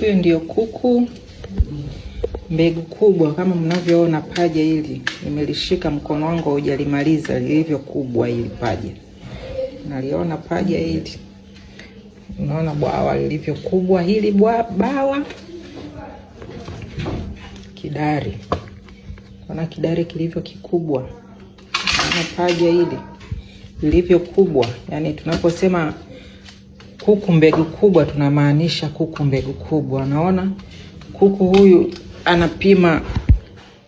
Huyu ndio kuku mbegu kubwa, kama mnavyoona paja hili nimelishika mkono wangu haujalimaliza lilivyo kubwa hili paja, naliona paja hili, unaona bwawa lilivyo kubwa hili bwa, bawa kidari, naona kidari kilivyo kikubwa, naona paja hili lilivyo kubwa, yani tunaposema kuku mbegu kubwa, tunamaanisha kuku mbegu kubwa. Naona kuku huyu anapima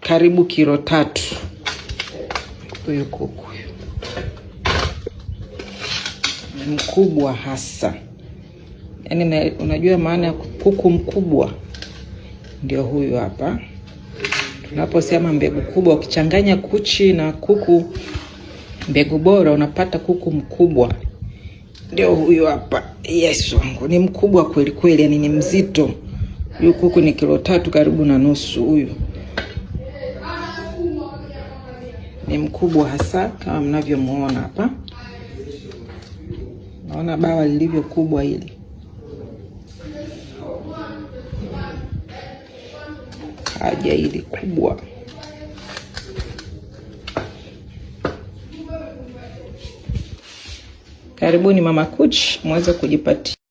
karibu kilo tatu. Huyu kuku mkubwa hasa, yaani unajua maana ya kuku mkubwa, ndio huyu hapa. Tunaposema mbegu kubwa, ukichanganya kuchi na kuku mbegu bora, unapata kuku mkubwa. Ndio huyu hapa. Yesu wangu ni mkubwa kweli kweli, yani ni mzito. yuko kuku ni kilo tatu karibu na nusu. Huyu ni mkubwa hasa kama mnavyomuona hapa. Naona bawa lilivyo kubwa hili. Haja hili kubwa. Karibuni Mama Kuchi muweze kujipatia